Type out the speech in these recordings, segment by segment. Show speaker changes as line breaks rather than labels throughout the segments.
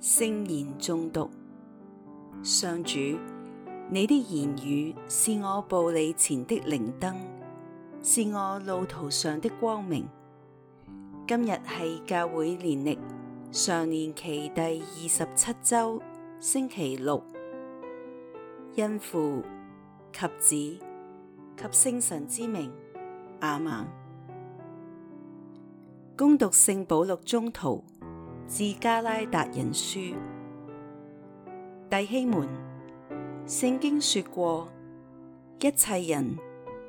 聖言誦讀。上主，你的言語是我步履前的靈燈，是我路途上的光明。今日係教會年曆常年期第二十七周，星期六。因父及子及聖神之名，阿瑪。恭讀聖保祿宗徒，致迦拉達人書：弟兄們，聖經說過，一切人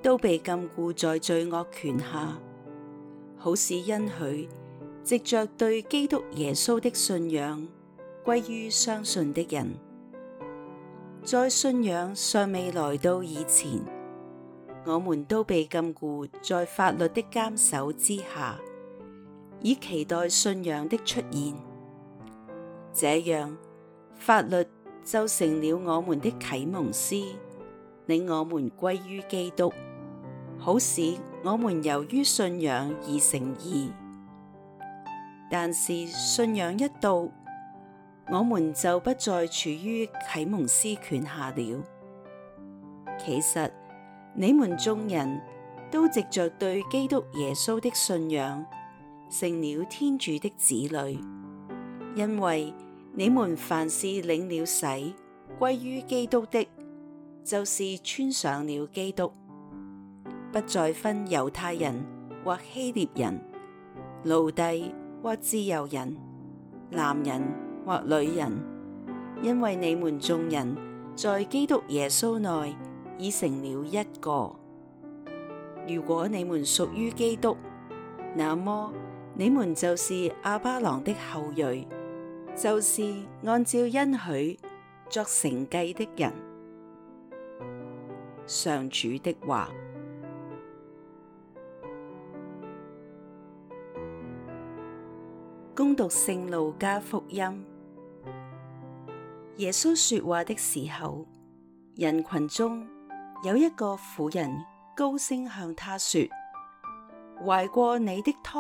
都被禁錮在罪惡權下。好使恩許藉着對基督耶穌的信仰歸於相信的人，在信仰尚未來到以前，我們都被禁錮在法律的監守之下。以期待信仰的出現，這樣法律就成了我們的啟蒙師，領我們歸於基督，好使我們由於信仰而成義。但是信仰一到，我們就不再處於啟蒙師權下了。其實你們眾人都藉着對基督耶穌的信仰。成了天主的子女，因為你們凡是領了洗，歸於基督的，就是穿上了基督，不再分猶太人或希臘人、奴隸或自由人、男人或女人，因為你們眾人在基督耶穌內已成了一個。如果你們屬於基督，那麼你們就是亞巴郎的後裔，就是按照恩許作承繼的人。上主的話。恭讀聖路加福音，耶穌說話的時候，人群中有一個婦人高聲向他說：懷過你的胎。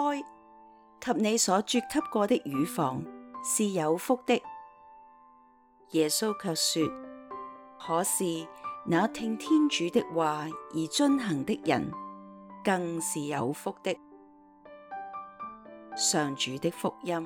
及你所吮吸過的乳房，是有福的。耶穌卻說：可是那聽天主的話而遵行的人，更是有福的。上主的福音。